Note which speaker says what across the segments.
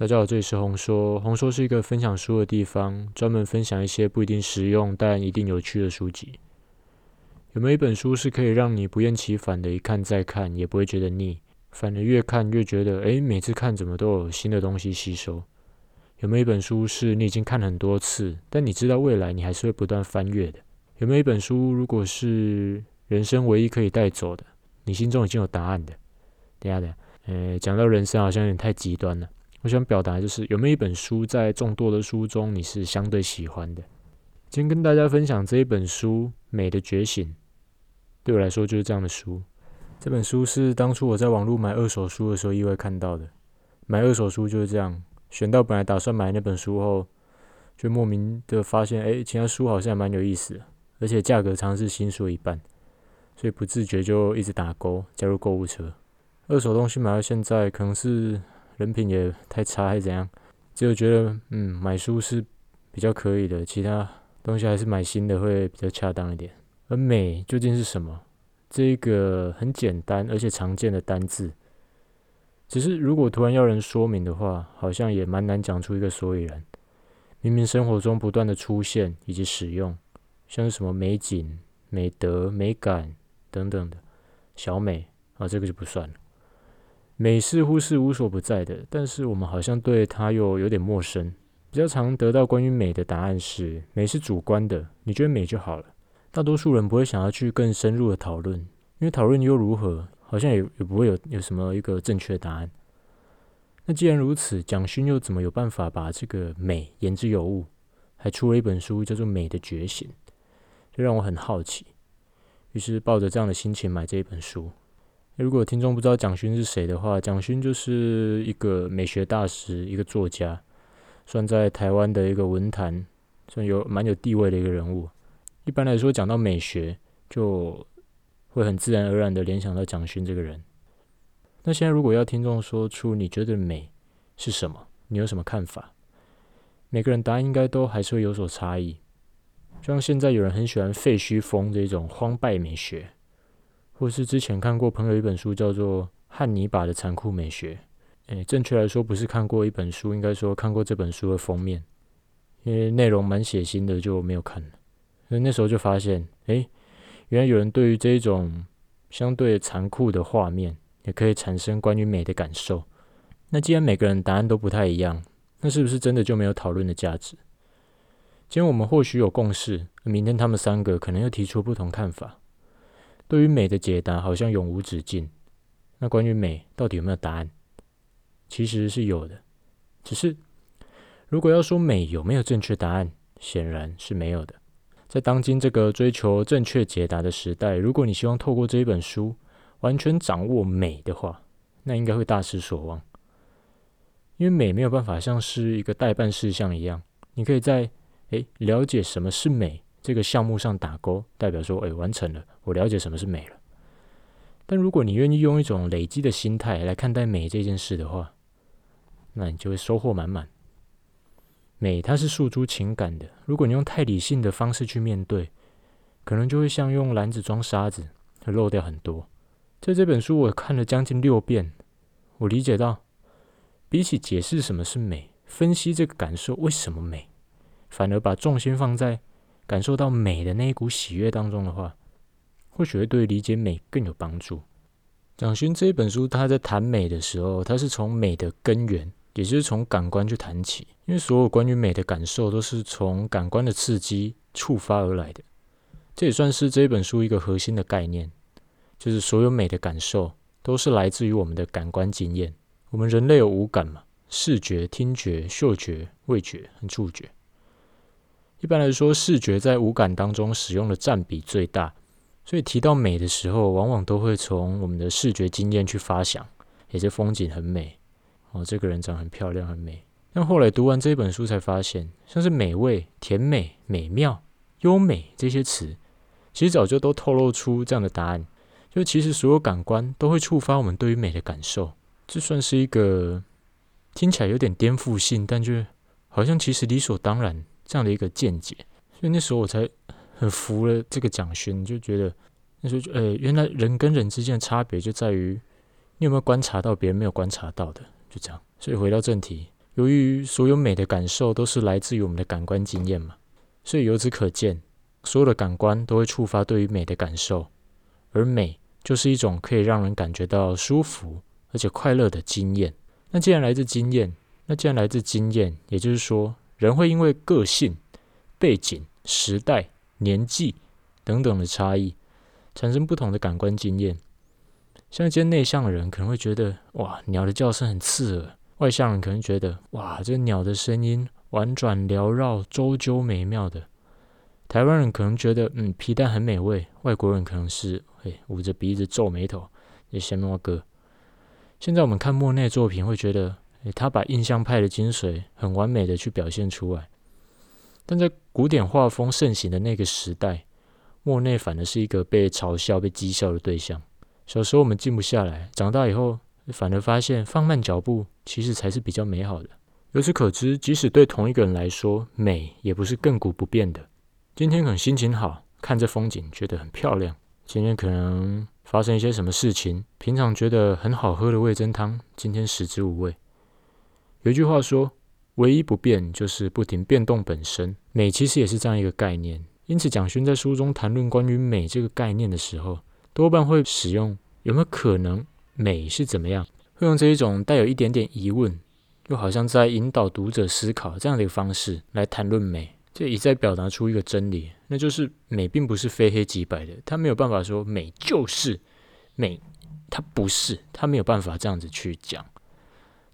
Speaker 1: 大家好，這裡是紅說。紅說是一個分享書的地方，專門分享一些不一定實用但一定有趣的書籍。有沒有一本書是可以讓你不厭其煩的，一看再看也不會覺得膩，反而越看越覺得，哎，每次看怎麼都有新的東西吸收？有沒有一本書是你已經看很多次，但你知道未來你還是會不斷翻閱的？有沒有一本書，如果是人生唯一可以帶走的，你心中已經有答案的？等下等下，呃，講到人生好像有點太極端了。我想表達就是，有沒有一本書在眾多的書中你是相對喜歡的？今天跟大家分享這一本書《美的覺醒》，對我來說就是這樣的書。這本書是當初我在網絡買二手書的時候意外看到的。買二手書就是這樣，選到本來打算買那本書後，就莫名的發現，欸，其他書好像蠻有意思的，而且價格常常是新書一半，所以不自覺就一直打勾加入購物車。二手東西買到現在，可能是。人品也太差還是怎樣？只有覺得，嗯，買書是比較可以的，其他東西還是買新的會比較恰當一點。而美究竟是什麼？這一個很簡單而且常見的單字，只是如果突然要人說明的話，好像也蠻難講出一個所以然。明明生活中不斷的出現以及使用，像是什麼美景、美德、美感等等的，小美啊，這個就不算了。美似乎是無所不在的，但是我們好像對它又有點陌生。比較常得到關於美的答案是，美是主觀的，你覺得美就好了。大多數人不會想要去更深入的討論，因為討論又如何，好像也也不會有有什麼一個正確的答案。那既然如此，蔣勳又怎麼有辦法把這個美言之有物，還出了一本書叫做《美的覺醒》，這讓我很好奇。於是抱着這樣的心情買這一本書。如果聽眾不知道蔣勳是誰的話，蔣勳就是一個美學大師，一個作家，算在台灣的一個文壇，算有蠻有地位的一個人物。一般來說，講到美學，就會很自然而然的聯想到蔣勳這個人。那現在，如果要聽眾說出你覺得美是什麼，你有什麼看法？每個人答案應該都還是會有所差異。就像現在有人很喜歡廢墟風的一種荒敗美學。或是之前看過朋友一本書，叫做《漢尼拔的殘酷美學》。誒，正確來說不是看過一本書，應該說看過這本書的封面，因為內容蠻血腥的，就沒有看了。所以那時候就發現，誒，原來有人對於這一種相對殘酷的畫面，也可以產生關於美的感受。那既然每個人答案都不太一樣，那是不是真的就沒有討論的價值？今天我們或許有共識，明天他們三個可能又提出不同看法。對於美的解答好像永無止境。那關於美到底有沒有答案，其實是有的。只是如果要說美有沒有正確答案，顯然是沒有的。在當今這個追求正確解答的時代，如果你希望透過這一本書完全掌握美的話，那應該會大失所望，因為美沒有辦法像是一個待辦事項一樣，你可以在誒了解什麼是美。這個項目上打勾，代表說：“哎、欸，完成了，我了解什麼是美了。”但如果你願意用一種累積的心態來看待美這件事的話，那你就會收穫滿滿。美它是訴諸情感的，如果你用太理性的方式去面對，可能就會像用籃子裝沙子，會漏掉很多。在這本書我看了將近六遍，我理解到，比起解釋什麼是美、分析這個感受為什麼美，反而把重心放在，感受到美的那一股喜悅當中的話，或許會對理解美更有幫助。蔣勳這一本書，他在談美的時候，他是從美的根源，也就是從感官去談起，因為所有關於美的感受都是從感官的刺激觸發而來的。這也算是這本書一個核心的概念，就是所有美的感受都是來自於我們的感官經驗。我們人類有五感嘛，視覺、聽覺、嗅覺、味覺和觸覺。一般來說，視覺在五感當中使用的佔比最大，所以提到美的時候，往往都會從我們的視覺經驗去發想，也、欸、是風景很美哦，這個人長得很漂亮，很美。但後來讀完這本書才發現，像是美味、甜美、美妙、優美這些詞，其實早就都透露出這樣的答案。就其實所有感官都會觸發我們對於美的感受，這算是一個聽起來有點顛覆性，但卻好像其實理所當然。這樣的一個見解，所以那時候我才很服了這個蔣勳，就覺得那時候就呃、欸，原來人跟人之間的差別就在於你有沒有觀察到別人沒有觀察到的，就這樣。所以回到正題，由於所有美的感受都是來自於我們的感官經驗嘛，所以由此可見，所有的感官都會觸發對於美的感受，而美就是一種可以讓人感覺到舒服而且快樂的經驗。那既然來自經驗，那既然來自經驗，也就是說。人會因為個性、背景、時代、年紀等等的差異，產生不同的感官經驗。像一些內向的人可能會覺得，哇，鳥的叫聲很刺耳；外向的人可能覺得，哇，這鳥的聲音婉轉繚繞，繞、啁啾美妙的。台灣人可能覺得，嗯，皮蛋很美味；外國人可能是會捂着鼻子皺眉頭，這什麼哥，現在我們看莫內作品，會覺得。他把印象派的精髓很完美的去表現出來，但在古典畫風盛行的那個時代，莫內反而是一個被嘲笑、被譏笑的對象。小時候我們靜不下來，長大以後反而發現放慢腳步其實才是比較美好的。由此可知，即使對同一個人來說，美也不是亙古不變的。今天可能心情好，看這風景覺得很漂亮；今天可能發生一些什麼事情，平常覺得很好喝的味噌湯，今天食之無味。有一句話說：“唯一不變就是不停變動本身。”美其實也是這樣一個概念。因此，蔣勳在書中談論關於美這個概念的時候，多半會使用“有沒有可能美是怎麼樣”，會用這一種帶有一點點疑問，又好像在引導讀者思考這樣的一個方式來談論美。這一再表達出一個真理，那就是美並不是非黑即白的。他沒有辦法說美就是美，他不是，他沒有辦法這樣子去講。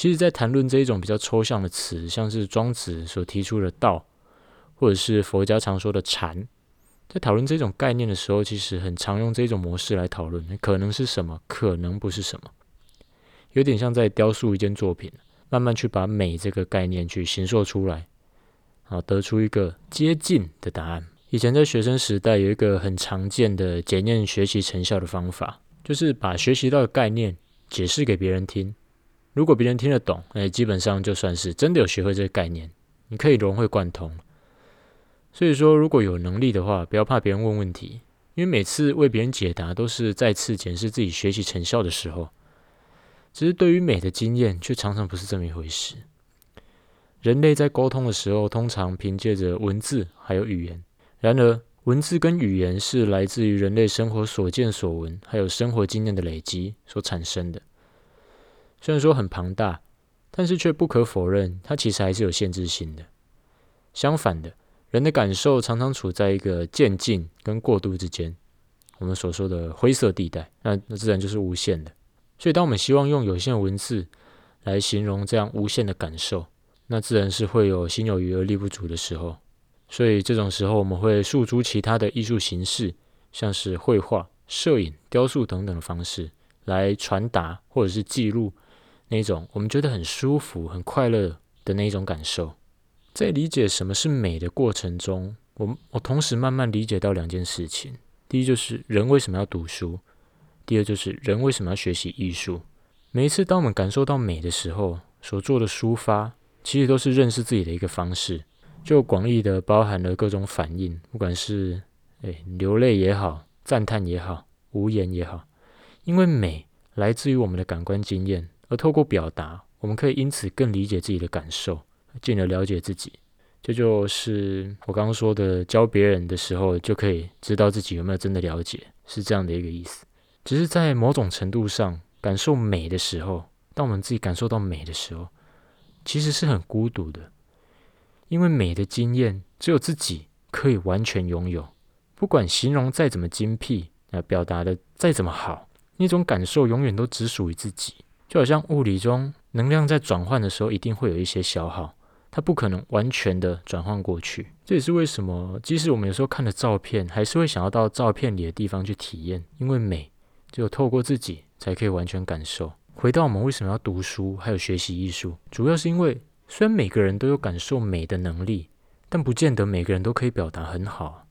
Speaker 1: 其實在談論這一種比較抽象的詞，像是莊子所提出的“道”，或者是佛家常說的“禪”，在討論這種概念的時候，其實很常用這種模式來討論：可能是什麼，可能不是什麼，有點像在雕塑一件作品，慢慢去把“美”這個概念去形塑出來，好，得出一個接近的答案。以前在學生時代，有一個很常見的檢驗學習成效的方法，就是把學習到的概念解釋給別人聽。如果別人聽得懂，哎、欸，基本上就算是真的有學會這個概念，你可以融會貫通。所以說，如果有能力的話，不要怕別人問問題，因為每次為別人解答，都是再次檢視自己學習成效的時候。只是對於美的經驗，卻常常不是這麼一回事。人類在溝通的時候，通常憑借着文字還有語言。然而，文字跟語言是來自於人類生活所見所聞，還有生活經驗的累積所產生的。雖然說很龐大，但是卻不可否認，它其實還是有限制性的。相反的，人的感受常常處在一個漸進跟過渡之間，我們所說的灰色地帶。那那自然就是無限的。所以，當我們希望用有限的文字來形容這樣無限的感受，那自然是會有心有餘而力不足的時候。所以，這種時候我們會訴諸其他的藝術形式，像是繪畫、攝影、雕塑等等的方式，來傳達或者是記錄。那種我們覺得很舒服、很快樂的那一種感受，在理解什麼是美的過程中，我我同時慢慢理解到兩件事情：第一，就是人為什麼要讀書；第二，就是人為什麼要學習藝術。每一次當我們感受到美的時候，所做的抒發，其實都是認識自己的一個方式，就廣義的包含了各種反應，不管是、哎、流淚也好、讚歎也好、無言也好，因為美來自於我們的感官經驗。而透過表達，我們可以因此更理解自己的感受，進而了解自己。這就是我剛剛說的，教別人的時候，就可以知道自己有沒有真的了解，是這樣的一個意思。只是在某種程度上，感受美的時候，當我們自己感受到美的時候，其實是很孤獨的，因為美的經驗只有自己可以完全擁有。不管形容再怎麼精闢，啊，表達的再怎麼好，那種感受永遠都只屬於自己。就好像物理中能量在轉換的時候，一定會有一些消耗，它不可能完全的轉換過去。這也是為什麼，即使我們有時候看了照片，還是會想要到到照片裡的地方去體驗，因為美只有透過自己才可以完全感受。回到我們為什麼要讀書，還有學習藝術，主要是因為雖然每個人都有感受美的能力，但不見得每個人都可以表達很好。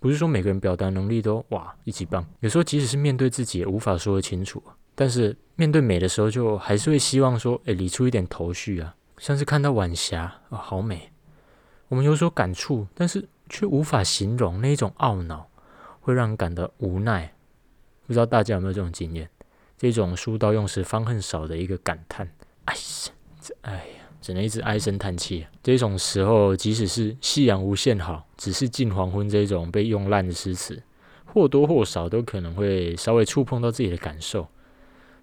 Speaker 1: 不是說每個人表達能力都哇一級棒，有時候即使是面對自己也無法說得清楚。但是面對美的時候，就還是會希望說，誒，理出一點頭緒啊。像是看到晚霞，哦，好美，我們有所感觸，但是卻無法形容那一種懊惱，會讓人感到無奈。不知道大家有沒有這種經驗？這種“書到用時方恨少”的一個感嘆，哎呀，這哎呀，只能一直唉聲嘆氣啊。這種時候，即使是“夕陽無限好，只是近黃昏”這種被用爛的詩詞，或多或少都可能會稍微觸碰到自己的感受。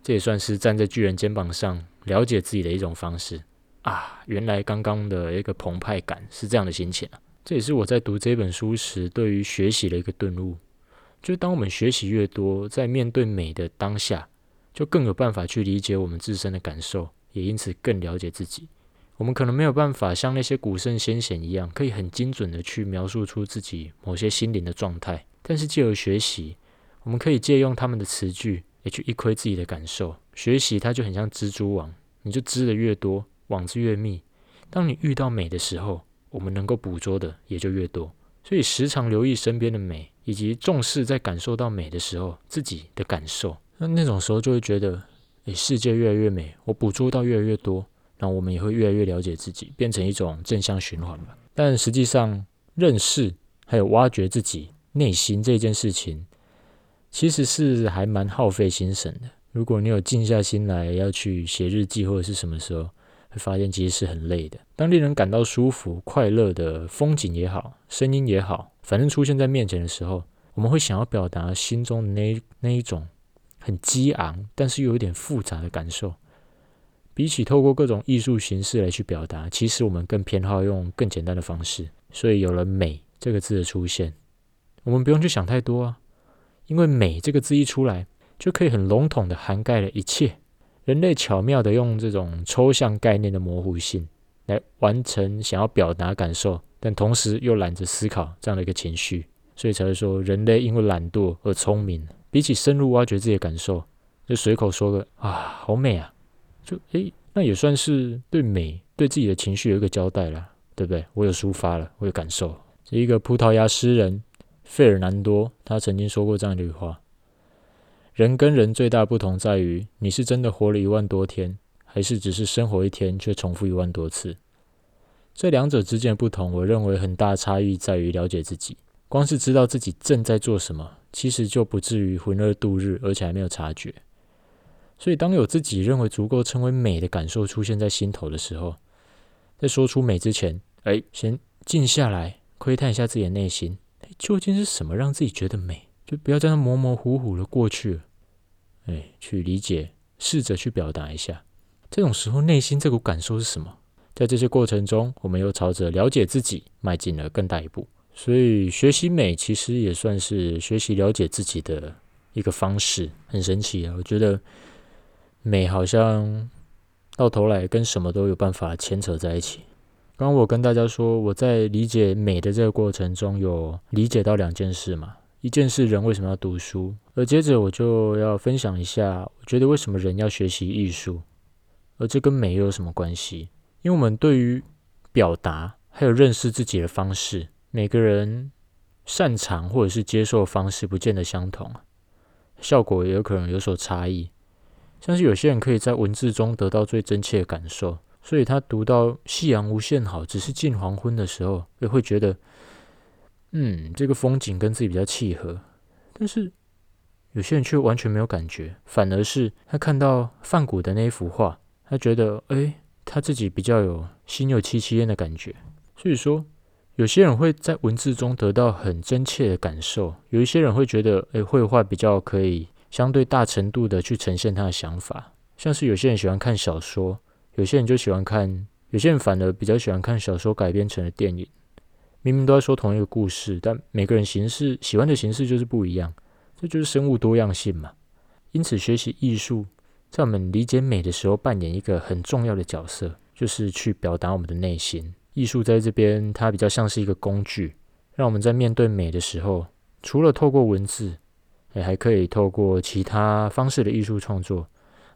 Speaker 1: 這也算是站在巨人肩膀上了解自己的一種方式啊！原來剛剛的一個澎湃感是這樣的心情啊！這也是我在讀這本書時對於學習的一個頓悟。就是當我們學習越多，在面對美的當下，就更有辦法去理解我們自身的感受，也因此更了解自己。我們可能沒有辦法像那些古聖先賢一樣，可以很精準的去描述出自己某些心靈的狀態，但是借由學習，我們可以借用他們的詞句。去一窺自己的感受。學習它就很像蜘蛛網，你就織的越多，網子越密。當你遇到美的時候，我們能夠捕捉的也就越多。所以時常留意身邊的美，以及重視在感受到美的時候自己的感受，那那種時候就會覺得，哎，世界越來越美，我捕捉到越來越多，那我們也會越來越了解自己，變成一種正向循環吧。但實際上，認識還有挖掘自己內心這件事情。其實是還蠻耗費心神的。如果你有靜下心來要去寫日記或者是什麼時候，會發現其實是很累的。當令人感到舒服、快樂的風景也好，聲音也好，反正出現在面前的時候，我們會想要表達心中的那那一種很激昂，但是又有點複雜的感受。比起透過各種藝術形式來去表達，其實我們更偏好用更簡單的方式。所以有了“美”這個字的出現，我們不用去想太多啊。因為“美”這個字一出來，就可以很籠統的涵蓋了一切。人類巧妙的用這種抽象概念的模糊性，來完成想要表達感受，但同時又懶得思考這樣的一個情緒，所以才會說人類因為懶惰而聰明。比起深入挖掘自己的感受，就隨口說個啊，好美啊，就哎，那也算是對美對自己的情緒有一個交代啦，對不對？我有抒發了，我有感受。這一個葡萄牙詩人。費爾南多，他曾經說過這樣一句話：“人跟人最大的不同在於，你是真的活了一萬多天，還是只是生活一天卻重複一萬多次？這兩者之間的不同，我認為很大差異在於了解自己。光是知道自己正在做什麼，其實就不至於渾噩度日，而且還沒有察覺。所以，當有自己認為足夠稱為美的感受出現在心頭的時候，在說出美之前，哎，欸，先靜下來，窺探一下自己的內心。”究竟是什麼讓自己覺得美？就不要這樣模模糊糊的過去了。哎、欸，去理解，試着去表達一下。這種時候，內心這股感受是什麼？在這些過程中，我們又朝着了解自己邁進了更大一步。所以，學習美其實也算是學習了解自己的一個方式，很神奇啊！我覺得美好像到頭來跟什麼都有辦法牽扯在一起。剛剛我跟大家說，我在理解美的這個過程中，有理解到兩件事嘛。一件事，人為什麼要讀書？而接着我就要分享一下，我覺得為什麼人要學習藝術，而這跟美又有什麼關係？因為我們對於表達還有認識自己的方式，每個人擅長或者是接受的方式，不見得相同，效果也有可能有所差異。像是有些人可以在文字中得到最真切的感受。所以他讀到“夕陽無限好，只是近黃昏”的時候，也會覺得，嗯，這個風景跟自己比較契合。但是有些人卻完全沒有感覺，反而是他看到梵谷的那一幅畫，他覺得，哎，他自己比較有“心有戚戚焉”的感覺。所以說，有些人會在文字中得到很真切的感受，有一些人會覺得，哎，繪畫比較可以相對大程度的去呈現他的想法。像是有些人喜歡看小說。有些人就喜歡看，有些人反而比較喜歡看小說改編成的電影。明明都在說同一個故事，但每個人形式喜歡的形式就是不一樣。這就是生物多樣性嘛。因此，學習藝術在我們理解美的時候扮演一個很重要的角色，就是去表達我們的內心。藝術在這邊，它比較像是一個工具，讓我們在面對美的時候，除了透過文字，也還可以透過其他方式的藝術創作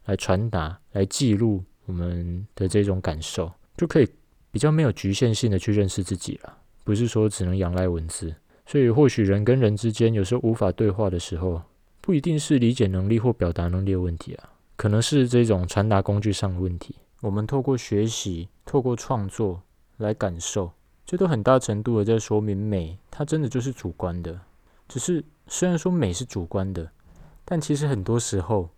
Speaker 1: 來傳達、來記錄。我們的這種感受就可以比較沒有局限性的去認識自己了，不是說只能仰賴文字。所以或許人跟人之間有時候無法對話的時候，不一定是理解能力或表達能力的問題啊，可能是這種傳達工具上的問題。我們透過學習、透過創作來感受，這都很大程度的在說明美，它真的就是主觀的。只是雖然說美是主觀的，但其實很多時候。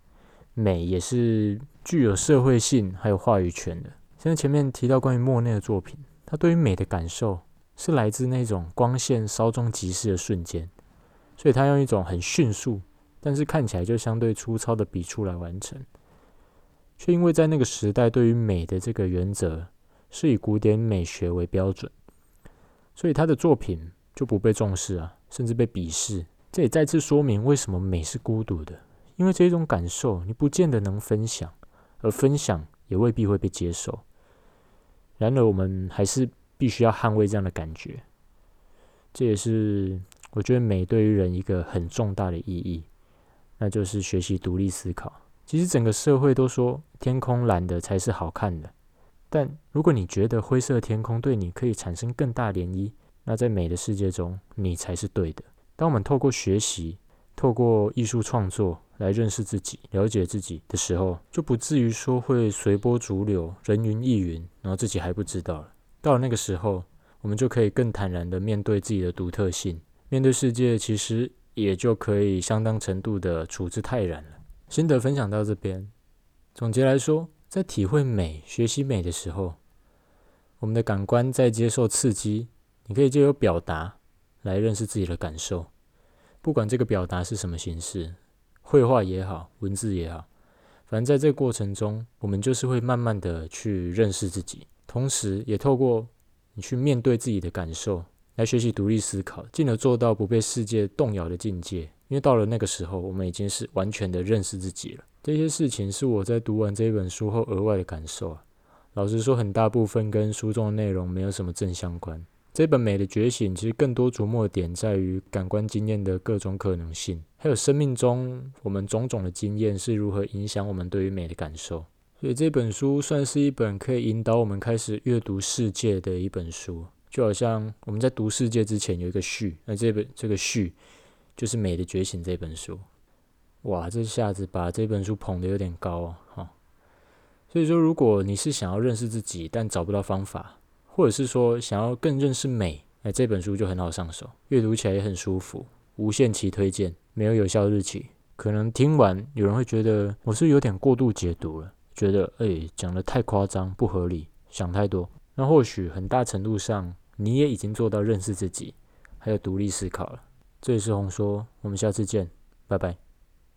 Speaker 1: 美也是具有社會性，還有話語權的。像前面提到關於莫內的作品，他對於美的感受是來自那種光線稍縱即逝的瞬間，所以他用一種很迅速，但是看起來就相對粗糙的筆觸來完成，卻因為在那個時代對於美的這個原則是以古典美學為標準，所以他的作品就不被重視啊，甚至被鄙視。這也再次說明為什麼美是孤獨的。因為這種感受，你不見得能分享，而分享也未必會被接受。然而，我們還是必須要捍衛這樣的感覺。這也是我覺得美對於人一個很重大的意義，那就是學習獨立思考。其實，整個社會都說天空藍的才是好看的，但如果你覺得灰色天空對你可以產生更大漣漪，那在美的世界中，你才是對的。當我們透過學習，透過藝術創作，來認識自己、了解自己的時候，就不至於說會隨波逐流、人云亦云，然後自己還不知道了。到了那個時候，我們就可以更坦然的面對自己的獨特性，面對世界，其實也就可以相當程度的處之泰然了。心得分享到這邊，總結來說，在體會美、學習美的時候，我們的感官在接受刺激，你可以借由表達來認識自己的感受，不管這個表達是什麼形式。繪畫也好，文字也好，反正在這個過程中，我們就是會慢慢的去認識自己，同時也透過你去面對自己的感受，來學習獨立思考，進而做到不被世界動搖的境界。因為到了那個時候，我們已經是完全的認識自己了。這些事情是我在讀完這一本書後額外的感受啊。老實說，很大部分跟書中的內容沒有什麼正相關。這本《美的覺醒》其實更多著墨點在於感官經驗的各種可能性。還有生命中我們種種的經驗是如何影響我們對於美的感受，所以這本書算是一本可以引導我們開始閱讀世界的一本書。就好像我們在讀世界之前有一個序，那這本這個序就是《美的覺醒》這本書。哇，這下子把這本書捧得有點高哦。哈，所以說如果你是想要認識自己但找不到方法，或者是說想要更認識美，那這本書就很好上手，閱讀起來也很舒服，無限期推薦。沒有有效日期，可能聽完有人會覺得我是有點過度解讀了，覺得誒、欸、講得太誇張，不合理，想太多。那或許很大程度上你也已經做到認識自己，還有獨立思考了。這裡是紅說，我們下次見，拜拜。